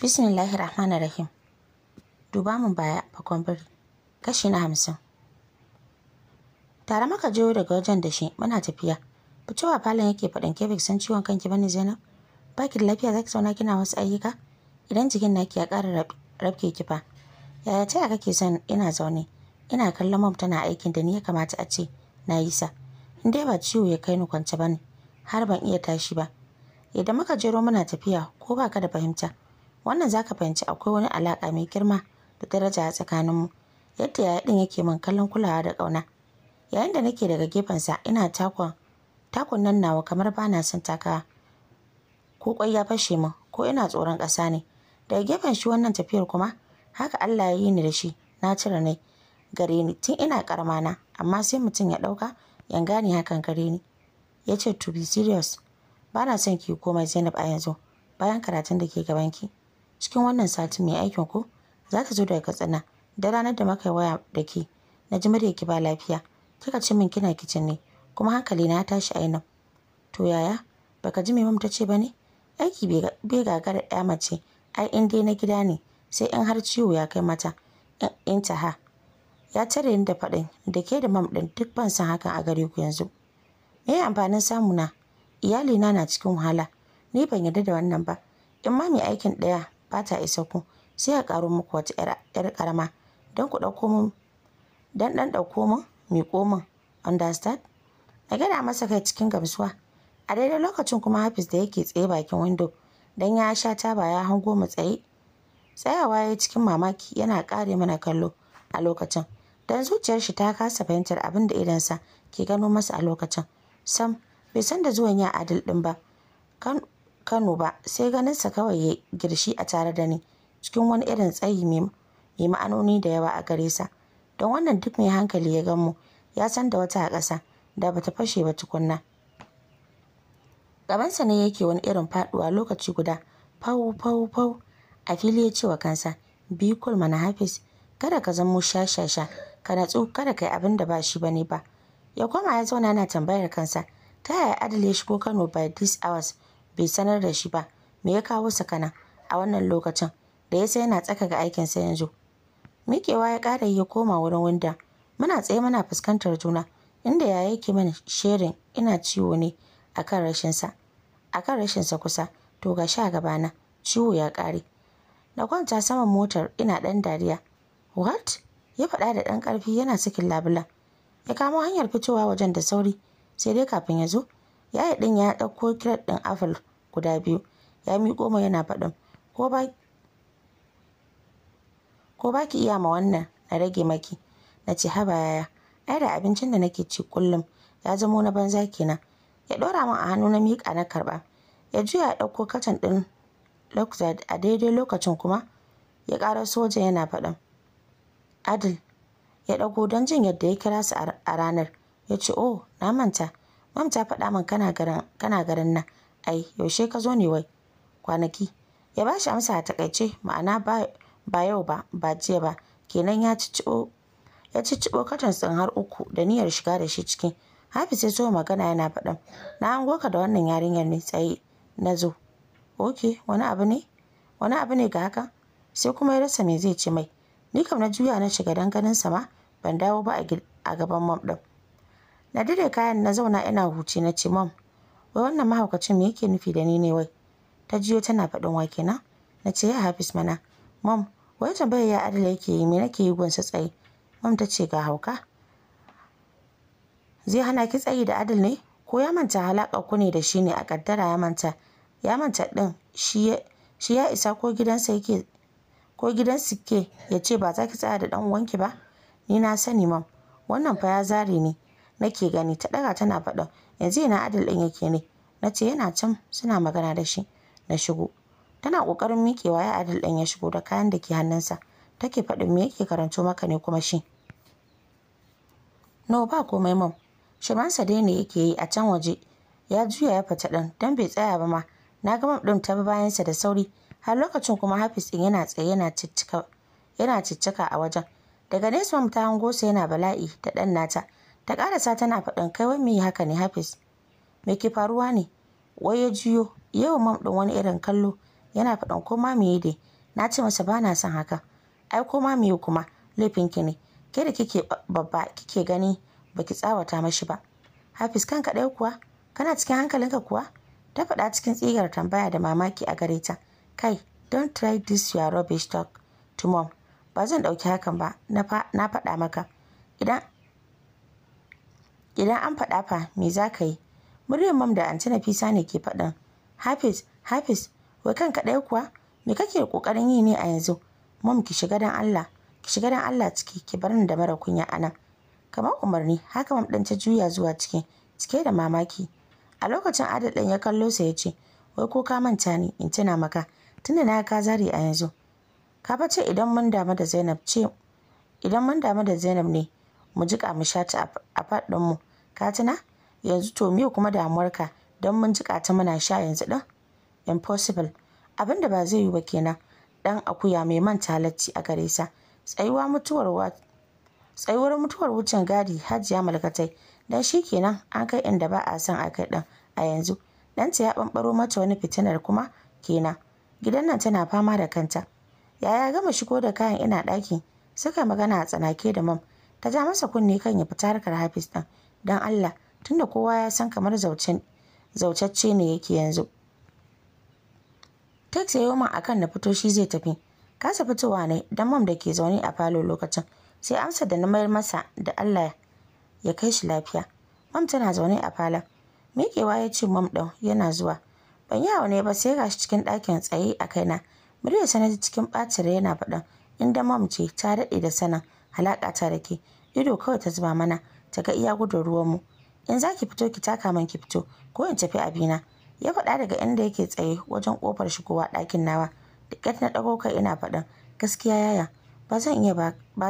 Bismillahi Rahmanir Rahim. Duba mun baya fakon biri. Kashi na hamsin. Tare maka jiyo daga wajen da shi muna tafiya. Fitowa falon yake faɗin ke sun san ciwon kanki bane Zainab. Ba da lafiya za ki zauna kina wasu ayyuka? Idan jikin naki ya ƙara rabke ki fa. Yaya ta kake son ina zaune? Ina kallon mom tana aikin da ni ya kamata a ce na yi sa. In dai ba ciwo ya kai ni kwance bane. Har ban iya tashi ba. Idan muka jero muna tafiya ko baka da fahimta. wannan za ka fahimci akwai wani alaƙa mai girma da daraja a tsakaninmu yadda yaya ɗin yake min kallon kulawa da ƙauna yayin da nake daga gefensa ina takon takon nan nawa kamar bana son takawa ko kwai ya fashe min ko ina tsoron ƙasa ne daga gefen shi wannan tafiyar kuma haka Allah ya yi ni da shi na cire ne. gare ni tun ina na amma sai mutum ya ɗauka ya gane hakan gare ni ya ce to be serious ba na son ki komai Zainab a yanzu bayan karatun da ke gabanki cikin wannan satin mai aikin ku za ta zo daga katsina da ranar da muka waya da ke na ji murya ki ba lafiya kika ce min kina kicin ne kuma hankali na tashi ainihin to yaya baka ji mai mam ce ba ne aiki bai gagara ya mace ai in dai na gida ne sai in har ciwo ya kai mata in ta ha ya tare ni da faɗin da ke da mam ɗin duk ban san hakan a gare ku yanzu me ya amfanin samu na iyalina na cikin wahala ni ban yarda da wannan ba in ma mai aikin ɗaya ba ta isa ku sai a ƙaro muku wata 'yar ƙarama don ku ɗauko don ɗan ɗauko mun mai min understand a gada masa kai cikin gamsuwa a daidai lokacin kuma hafiz da yake tsaye bakin windo don ya sha taba ya hango mu tsaye tsayawa ya cikin mamaki yana kare mana kallo a lokacin don zuciyar shi ta kasa fahimtar abin da idan sa ke gano masa a lokacin sam bai san da zuwan ya adil ɗin ba Kano ba sai ganinsa kawai ya girshi a tare da ni cikin wani irin tsayi mai ma'anoni da yawa a gare sa don wannan duk mai hankali ya gan mu ya san da wata a ƙasa da bata fashe ba tukunna gabansa ne yake wani irin faduwa lokaci guda fau fau fau a fili ya ce wa kansa bi kul mana hafis kada ka zamo shashasha ka natsu kada kai abin da ba shi bane ba ya koma ya zauna yana tambayar kansa ta yaya adal ya shigo kano by this hours bai sanar da shi ba me ya kawo sakana a wannan lokacin da ya sai yana tsaka ga aikin sa yanzu miƙewa ya ƙara ya koma wurin wanda. muna tsaye muna fuskantar juna inda ya yake mana sherin ina ciwo ne akan rashinsa akan rashinsa kusa to ga sha gabana ciwo ya ƙare na kwanta saman motar ina ɗan dariya what ya faɗa da ɗan ƙarfi yana cikin labulan ya kamo hanyar fitowa wajen da sauri sai dai kafin ya zo yayi ɗin ya ɗauko kiret ɗin apple guda biyu ya miƙo mai yana faɗin ko ba ki iya ma wannan na rage maki na ce haba yaya ai da abincin da nake ci kullum ya zamo na banza kenan ya ɗora min a hannu na miƙa na karɓa ya juya ya ɗauko katon ɗin Luxad a daidai lokacin kuma ya ƙara soja yana faɗin adil ya ɗago don jin yadda ya kira su a ranar ya ce oh na manta mam ta faɗa min kana garin nan ai yaushe ka zo ne wai kwanaki ya bashi amsa a takaice ma'ana ba yau ba ba jiya ba kenan ya ci ya cicciɓo katon tsin har uku da niyyar shiga da shi cikin hafiz ya so magana yana faɗan na an ka da wannan yarinyar ne tsaye na zo ok wani abu ne wani abu ne ga haka sai kuma ya rasa me zai ce mai ni kam na juya na shiga dan ganin sama ban dawo ba a gaban mam ɗin na dire kayan na zauna ina huce na ce mam wai wannan mahaukacin me yake nufi da ni ne wai ta jiyo tana faɗin wake kenan na ce ya hafiz mana mom wai tambayar ya adala yake yi me nake yi gunsa tsaye mom ta ce ga hauka zai hana ki tsayi da adal ne ko ya manta halakar ku ne da shi ne a kaddara ya manta ya manta din shi ya isa ko gidansa yake ko gidan ke ya ce ba za ki tsaya da dan uwanki ba ni na sani mam wannan fa ya zare ne nake gani ta ɗaga tana faɗa yanzu ina adal ɗin yake ne na ce yana can suna magana da shi na shigo tana ƙoƙarin miƙewa ya adal ɗin ya shigo da kayan da ke hannunsa take faɗin me yake karanto maka ne kuma shi no ba komai mam shimansa dai ne yake yi a can waje ya juya ya fita ɗin don bai tsaya ba ma na ga mam ɗin ta bi bayansa da sauri har lokacin kuma hafis ɗin yana tsaye yana ciccika yana ciccika a wajen daga nesa mam ta hango sa yana bala'i da ɗan nata ta karasa tana faɗin kai wai me haka ne hafiz me ke faruwa ne wai ya juyo yau mam ɗin wani irin kallo yana faɗin ko ma meye dai na ce masa ba na son haka ai ko ma meye kuma laifinki ne ke da kike babba kike gani baki tsawata mashi ba hafiz kan ɗaya kuwa kana cikin hankalinka kuwa ta faɗa cikin tsigar tambaya da mamaki a gare ta kai don't try this your rubbish talk to mom ba zan ɗauki hakan ba na faɗa maka idan idan an faɗa fa me za ka yi muryar mam da anti nafisa ne ke faɗin hafiz hafiz wai kan ɗaya kuwa me kake ƙoƙarin yi ne a yanzu mam ki shiga dan allah ki shiga dan allah ciki ki bar ni da mara kunya nan. kamar umarni haka mam ɗan ta juya zuwa ciki cike da mamaki a lokacin adad ɗin ya kallo sa ya ce wai ko ka manta ni in tuna maka tunda na ka zare a yanzu ka fa ce idan mun damu da zainab ce idan mun damu da zainab ne mu jika mu sha ta a faɗin mu ka tuna yanzu to me kuma damuwar ka don mun jika ta muna sha yanzu ɗin impossible abin da ba zai yi ba kenan ɗan akuya mai manta latti a gare sa tsayuwa mutuwar tsayuwar mutuwar wucin gadi hajiya malkatai dan shi kenan an kai inda ba a son a kai a yanzu ɗanta ya banbaro mata wani fitinar kuma kenan gidan nan tana fama da kanta yaya gama shigo da kayan ina ɗaki suka magana a tsanake da mam ta ja masa kunne kan ya fita harkar hafiz ɗin don allah tunda kowa ya san kamar zaucacce ne yake yanzu tek ya yoma akan na fito shi zai tafi kasa fitowa ne don mam da ke zaune a falo lokacin sai amsa da namar masa da allah ya kai shi lafiya mam tana zaune a falon mikewa ya ce mam ɗau yana zuwa ban yawa ne ba sai gashi cikin ɗakin tsaye a kaina muryar na cikin ɓacin yana faɗin inda mam ce ta daɗe da sanin ta da ke ido kawai ta zuba mana ta ga iya gudun ruwanmu in za ki fito ki taka man ki fito ko in tafi abina ya faɗa daga inda yake tsaye wajen ƙofar shigowa ɗakin nawa da na ɗago kai ina faɗin gaskiya yaya ba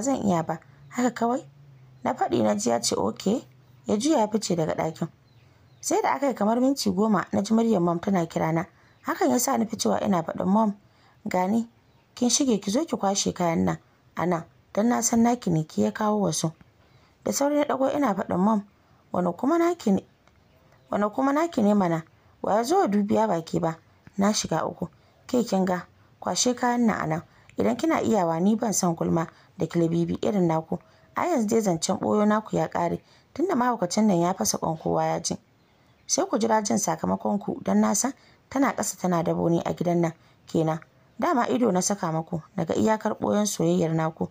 zan iya ba haka kawai na faɗi na ji ya ce oke ya juya ya fice daga ɗakin sai da aka yi kamar minti goma na ji muryar mom tana kirana hakan ya sa ni ficewa ina faɗin mom gani kin shige ki zo ki kwashe kayan nan a nan don na san naki ne ki ya kawo wasu da sauri na ɗago ina faɗin mom wani kuma naki ne wani kuma naki ne mana wa ya zo wa dubiya baki ba na shiga uku ke kin ga kwashe kayan na anan idan kina iyawa ni ban san gulma da kilibibi irin naku a yanzu dai zancen ɓoyo naku ya ƙare tunda mahaukacin nan ya fasa ƙwan kowa ya ji sai ku jira jin sakamakon ku don na san tana ƙasa tana dabo ne a gidan nan kenan dama ido na saka muku daga iyakar ɓoyon soyayyar naku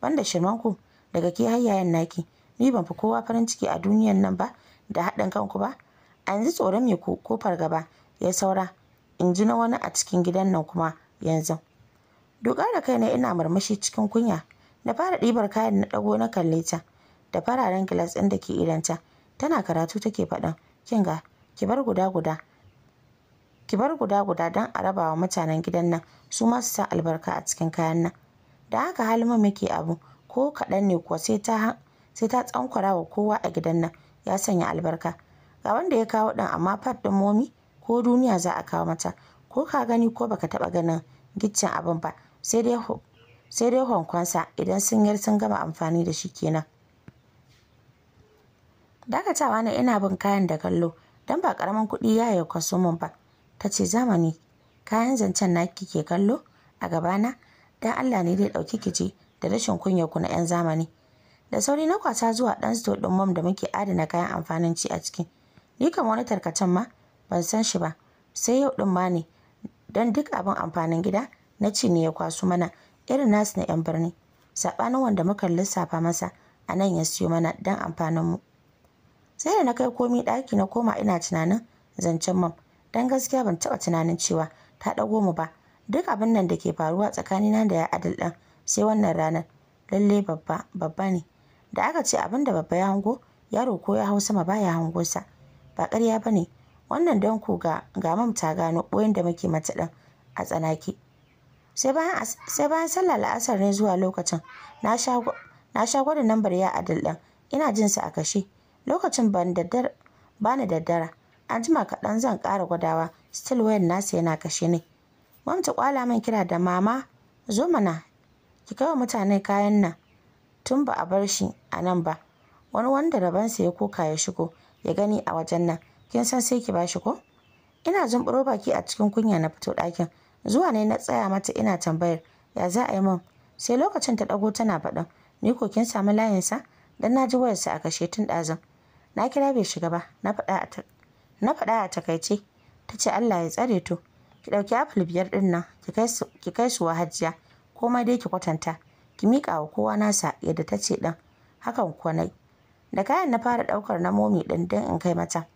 banda shirmanku daga ke hayayen naki ni ban fi kowa farin ciki a duniyan nan ba da haɗin kanku ba a yanzu tsoron me ko fargaba ya saura in ji na wani a cikin gidan nan kuma yanzu doka da kaina ina murmushi cikin kunya na fara ɗibar kayan na ɗago na kalle da fararen gilas ɗin da ke idanta tana karatu take faɗin kin ga ki bar guda guda ki bar guda guda don a rabawa mutanen gidan nan su ma su sa albarka a cikin kayan nan da haka halima muke abu ko kaɗan ne kuwa sai ta sai tsankwara wa kowa a gidan nan ya sanya albarka ga wanda ya kawo ɗan amma fat ɗin momi ko duniya za a kawo mata ko ka gani ko baka taɓa ganin giccin abin ba sai dai sai idan sun yar sun gama amfani da shi kenan dakatawa na ina bin kayan da kallo don ba karamin kuɗi ya yi kwaso ba ta ce zamani kayan zancen na ke kallo a gabana dan Allah ne dai ɗauki kici da rashin kunyar ku na 'yan zamani da sauri na kwasa zuwa ɗan sto din mom da muke adana kayan amfanin ci a ciki ni kam wani tarkacen ma ban san shi ba sai yau ɗin ma ne dan duk abin amfanin gida na ci ne ya kwaso mana irin nasu na 'yan birni saɓanin wanda muka lissafa masa a nan ya siyo mana dan amfanin mu sai da na kai komi ɗaki na koma ina tunanin zancen mom dan gaskiya ban taɓa tunanin cewa ta ɗago mu ba duk abin nan da ke faruwa tsakanina da ya adal ɗin sai wannan ranar lalle babba babba ne da aka ce abin da babba ya hango yaro ko ya hau sama baya hango sa ba ƙarya ba ne wannan don ku ga ga mamta gano ɓoyin da muke mata ɗin a tsanaki sai bayan sallah la'asar ne zuwa lokacin na sha gwada nambar ya adal ɗin ina jin sa a kashe lokacin ba ni daddara an jima kaɗan zan ƙara gwadawa still wayan nasa yana kashe ne mamta kwala min kira da mama zo mana ki kai wa mutane kayan nan tun ba a bar shi a nan ba wani wanda sa ya koka ya shigo ya gani a wajen nan kin san sai ki bashi ko ina zumburo baki a cikin kunya na fito dakin zuwa ne na tsaya mata ina tambayar ya za a yi min sai lokacin ta ɗago tana faɗin ni ko kin samu layinsa dan na ji sa a kashe tun ɗazun na kira bai shiga ba na faɗa a takaice tace allah ya tsare to ki ɗauki apple biyar ɗin nan ki kai su wa hajiya komai dai ki kwatanta ki miƙa wa kowa nasa yadda ta ce ɗin hakan kuwa nai da kayan na fara ɗaukar na momi ɗin don in kai mata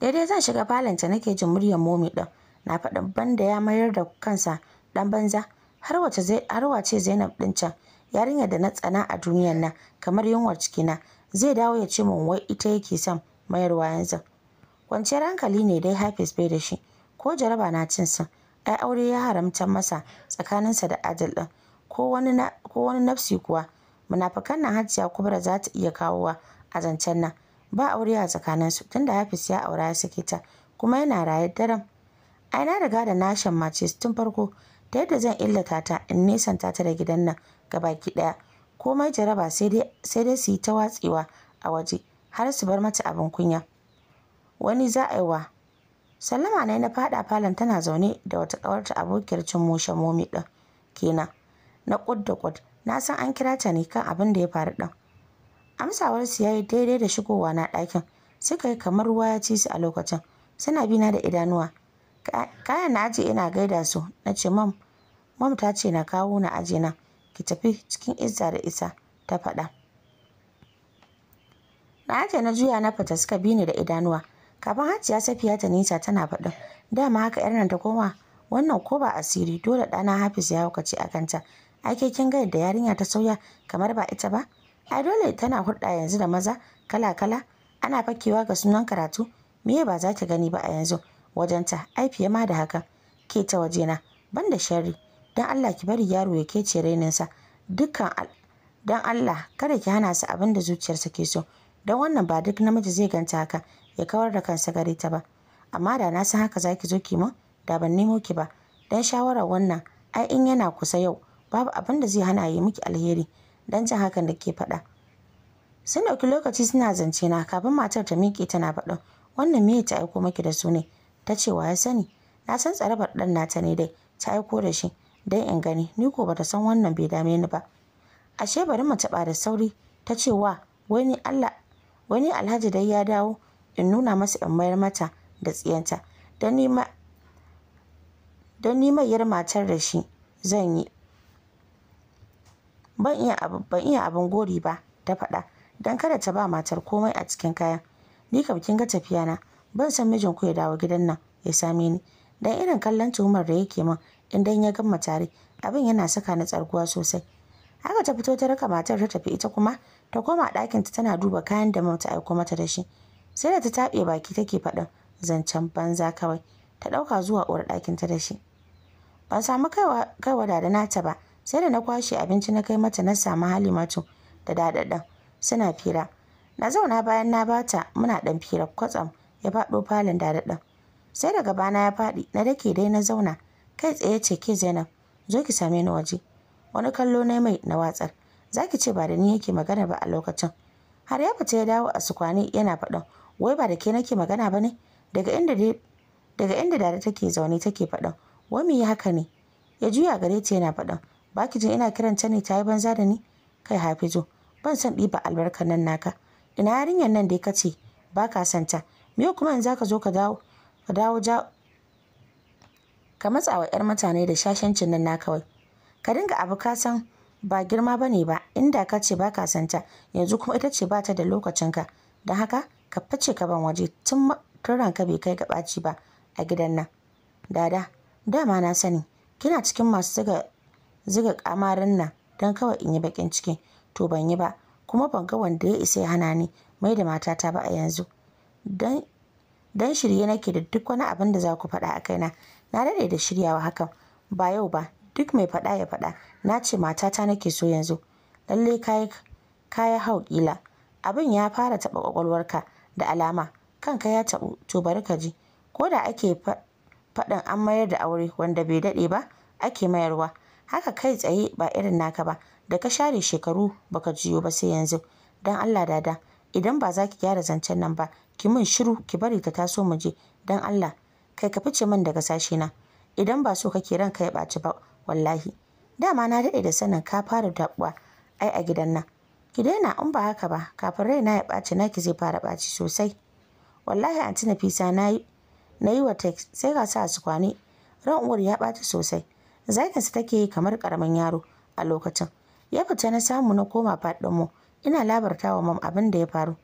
daidai zan shiga falanta nake jin muryar momi ɗin na faɗin banda ya mayar da kansa ɗan banza har wace zainab ɗin can yarinyar da na tsana a duniyar nan kamar yunwar cikina zai dawo ya ce min wai ita yake son mayarwa yanzu kwanciyar hankali ne dai hafiz bai da shi ko jaraba na cin sa ai aure ya haramta masa tsakaninsa da adil ɗin ko wani nafsi kuwa munafukan nan hajjiya kubra za ta iya kawowa a zancen nan ba aure a tsakanin tsakaninsu tunda hafiz ya aura ya sake ta kuma yana raye daren ai na riga da na shammace tun farko ta yadda zan illata ta in nesanta ta da gidan nan gabaki ɗaya komai jaraba sai dai su yi ta watsewa a waje har su bar mata abin kunya wani za a yi wa sallama ne na faɗa falon tana zaune da wata ƙawarta abokiyar cin moshe momi ɗin kenan na ƙud da kud na san an kira ta ne kan abin da ya faru ɗin amsawar su yayi daidai da shigowa na ɗakin suka yi kamar ruwa ya ci su a lokacin suna bina da idanuwa kayan na aji ina gaida su na ce mam mam ta ce na kawo na aji na ki tafi cikin izza da isa ta faɗa na aje na juya na fata suka bi ni da idanuwa kafin hajiya safiya ta nisa tana faɗin dama haka yar nan ta koma wannan ko ba asiri dole ɗana hafiz ya hukaci a kanta ake kin ga yadda yarinya ta sauya kamar ba ita ba ai dole tana hulɗa yanzu da maza kala kala ana fakewa ga sunan karatu miye ba za ki gani ba a yanzu wajenta ai fiye ma da haka ke ta wajena ban da sharri don allah ki bari yaro ya kece raininsa dukkan don allah kada ki hana su abin da zuciyarsa ke so don wannan ba duk namiji zai ganta haka ya kawar da kansa gare ta ba amma da na san haka zaki zo ki mu da ban nemo ki ba dan shawarar wannan ai in yana kusa yau babu abin da zai hana yi miki alheri dan jin hakan da ke faɗa sun ɗauki lokaci suna zance na kafin matar ta miƙe tana faɗin wannan me ta aiko maki da su ne ta ce wa ya sani na san tsarabar ɗan nata ne dai ta aiko da shi dan in gani ni ko bata san wannan bai dame ni ba ashe bari mu taɓa da sauri ta ce wa wani Allah wani alhaji dai ya dawo in nuna masa in mayar mata da tsiyanta don ni mayar matar da shi zan yi ban iya abin gori ba ta faɗa don kada ta ba matar komai a cikin kayan ni kam kin ga tafiya na ban san mijin ku ya dawo gidan nan ya same ni dan irin kallon tuhumar da yake min idan ya gama tare abin yana saka ni tsarguwa sosai haka ta fito ta raka matar ta tafi ita kuma ta koma ɗakinta tana duba kayan da mata aiko mata da shi sai da ta taɓe baki take faɗin zancen banza kawai ta ɗauka zuwa uwar ɗakinta da shi ban samu kaiwa da nata ba sai da na kwashe abinci na kai mata na samu mato da daɗaɗɗan suna fira na zauna bayan na bata muna ɗan fira kwatsam ya faɗo falon daɗaɗɗan sai da gabana ya faɗi na dake dai na zauna kai tsaye ce ke zainab zo ki same ni waje wani kallo na mai na watsar za ki ce ba da ni yake magana ba a lokacin har ya fita ya dawo a sukwane yana faɗin wai ba da ke nake magana ba ne daga inda daga inda dada take zaune take faɗan wai me haka ne ya juya gare ta yana faɗan baki jin ina kiran ta ne ta yi banza da ni kai hafizu ban san ɗiba albarkar nan naka ina yarinyar nan da ka ce ba ka santa ta me kuma in za ka zo ka dawo ka dawo ja ka matsa wa 'yar mutane da shashancin nan na kawai ka dinga abu ka san ba girma ba ne ba inda ka ce ba ka santa yanzu kuma ita ce ba ta da lokacinka don haka ka fice ka ban waje tun ranka bai kai gabaci ba a gidan nan dada dama na sani kina cikin masu ziga ziga kamarin nan don kawai in yi bakin ciki to ban yi ba kuma ban ga wanda ya isa ya hana ni mai da matata ba a yanzu dan dan shirye nake da duk wani abin da za ku faɗa a kaina na daɗe da shiryawa hakan ba yau ba duk mai faɗa ya faɗa na ce matata nake so yanzu lallai kayi kaya hau kila. abin ya fara taɓa ƙwaƙwalwarka da alama kanka ya taɓu to bari ka ji ko da ake faɗin an mayar da aure wanda bai daɗe ba ake mayarwa haka kai tsaye ba irin naka ba da ka share shekaru baka jiyo ba sai yanzu dan Allah dada idan ba za ki gyara zancen nan ba ki min shiru ki bari ta taso mu je dan Allah kai ka fice min daga sashe na idan ba so kake ranka ya ɓaci ba wallahi dama na daɗe da sanin ka fara dabuwa ai a gidan nan ki daina in ba haka ba kafin raina ya ɓaci naki zai fara ɓaci sosai wallahi anti nafisa na yi na yi wa tex sai ka sa su kwane ran uwar ya ɓaci sosai su take yi kamar karamin yaro a lokacin ya fita na samu na koma faɗin mu ina labarta wa mam abin da ya faru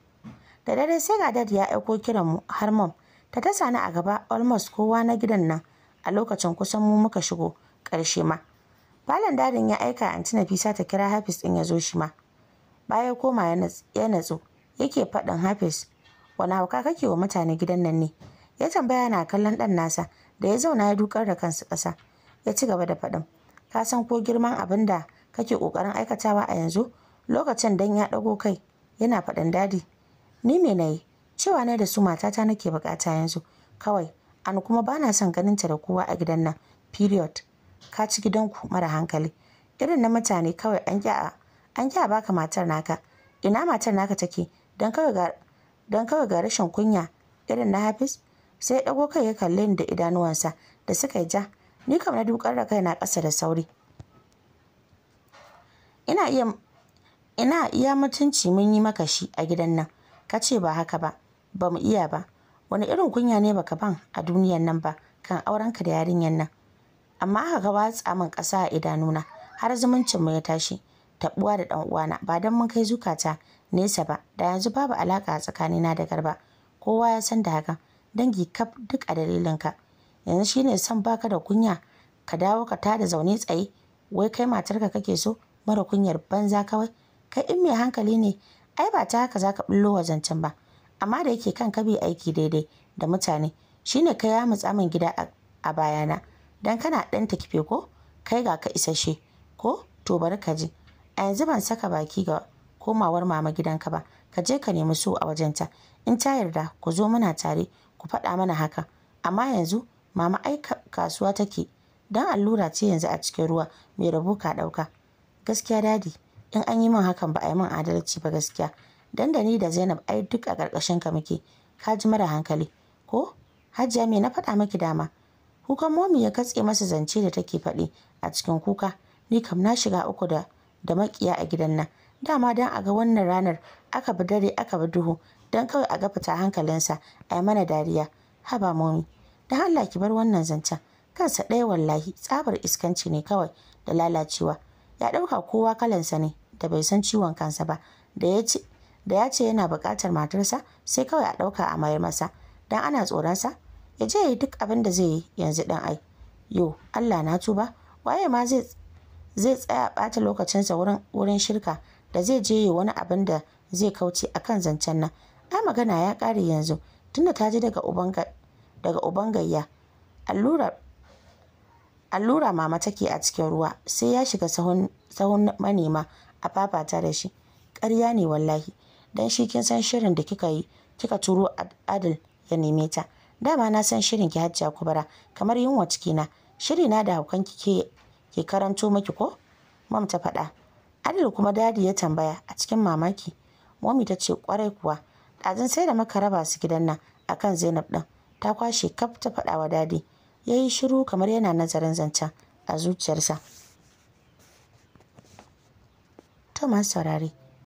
da dare sai ga dad ya aiko kiran mu har mam ta tasa ni a gaba almost kowa na gidan nan a lokacin kusan mu muka shigo ƙarshe ma falon dadin ya aika anti nafisa ta kira hafiz din ya zo shi ma baya koma ya natsu yake faɗin hafiz wani hauka kake wa mutane gidan nan ne ya tambaya na kallon ɗan nasa da ya zauna ya dukar da kansu ƙasa ya ci gaba da faɗin ka san ko girman abin da kake ƙoƙarin aikatawa a yanzu lokacin dan ya ɗago kai yana faɗin dadi ni me na yi cewa na da su matata nake buƙata yanzu kawai an kuma ba na son ganinta da kowa a gidan nan period ka ci gidanku mara hankali irin na mutane kawai an ƙi a an kya baka matar naka ina matar naka take don kawai ga rashin kunya irin na hafiz sai ya kai ya kalle ni da idanuwansa da suka ja ni kam na dukar da na kasa da sauri ina iya mutunci mun yi maka shi a gidan nan ka ce ba haka ba ba mu iya ba wani irin kunya ne baka ban a duniyan nan ba kan auren ka da yarinyar nan amma haka ba watsa min ƙasa a idanuna har zumuncin mu ya tashi taɓuwa da ɗan uwana ba dan mun kai zukata nesa ba da yanzu babu alaka tsakanina da garba kowa ya san da haka dangi kaf duk a dalilinka yanzu shine son baka da kunya ka dawo ka tada zaune tsaye wai kai matarka kake so mara kunyar banza kawai kai in mai hankali ne ai ba ta haka zaka ɓullo wa zancen ba amma da yake kan ka bi aiki daidai da mutane shine kai ya mutsa min gida a bayana dan kana dan kife ko kai ga ka isasshe ko to bari ka ji a yanzu ban saka baki ga komawar mama gidanka ba ka je ka nemi so a wajenta in ta yarda ku zo muna tare ku faɗa mana haka amma yanzu mama ai kasuwa take dan allura ce yanzu a cikin ruwa mai rabo ka ɗauka gaskiya dadi in an yi min hakan ba a yi min adalci ba gaskiya dan da ni da zainab ai duk a karkashin ka muke ka ji mara hankali ko hajiya me na faɗa miki dama kukan momi ya katse masa zance da take faɗi a cikin kuka ni kam na shiga uku da da makiya a gidan nan dama don a ga wannan ranar aka bi dare aka bi duhu don kawai a ga fita hankalinsa a yi mana dariya haba momi da allah ki bar wannan zancen kansa ɗaya wallahi tsabar iskanci ne kawai da lalacewa ya ɗauka kowa kalansa ne da bai san ciwon kansa ba da ya ce yana buƙatar matarsa sai kawai a ɗauka a mayar masa don ana tsoronsa ya je ya yi duk abin da zai yi yanzu ɗan ai yo allah na tuba waye ma zai zai tsaya ɓata lokacinsa wurin shirka da zai je yi wani abin da zai kauce a kan zancen nan ai magana ya ƙare yanzu tunda ta ji daga uban gayya allura mama take a cikin ruwa sai ya shiga sahun manema a fafata da shi karya ne wallahi dan shi kin san shirin da kika yi kika turo adil ya neme ta dama na san shirin ki a kubara kamar yunwa cikina shiri na da haukan kike ke karanto maki ko mam ta faɗa adil kuma dadi ya tambaya a cikin mamaki momi ta ce kwarai kuwa ɗazin sai da maka raba su gidan nan akan zainab ɗin ta kwashe kaf ta faɗa wa dadi ya yi shiru kamar yana nazarin zancen a zuciyarsa Thomas masu